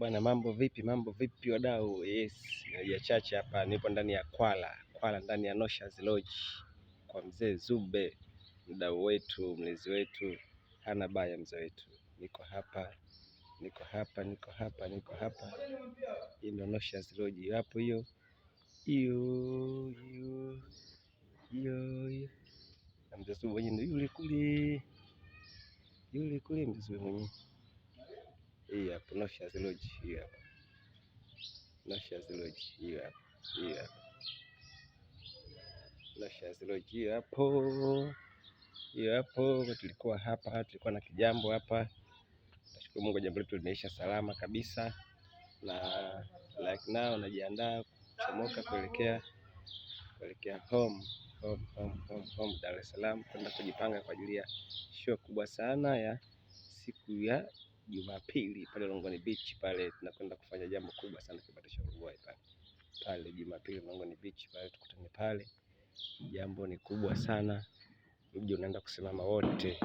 Bwana, mambo vipi? Mambo vipi wadau? Yes, naja chache hapa, nipo ndani ya Kwala Kwala, ndani ya Noshaz Lodge kwa mzee Zube, mdau wetu, mlezi wetu, hana baya mzee wetu. Niko hapa, niko hapa, niko hapa, niko hapa. Hii ndio Noshaz Lodge hapo, hiyo hiyo hiyo hiyo, na mzee Zube mwenyewe yule kule, yule kule mzee mwenyewe hii hapa, Noshers Lodge hii hapa, Noshers Lodge hii hapa, hii hapa, Noshers Lodge hii hapo, hii hapo. Tulikuwa hapa, tulikuwa na kijambo hapa. Nashukuru Mungu, jambo letu limeisha salama kabisa, na like now najiandaa kuchomoka kuelekea kuelekea home home home home home Dar es Salaam, kwenda kujipanga kwa ajili ya show kubwa sana ya siku ya Jumapili pale Longoni Beach pale tunakwenda kufanya jambo kubwa sana kibatisha Uruguay pale pale Jumapili Longoni Beach pale, tukutane pale. Jambo ni kubwa sana, mji unaenda kusimama wote.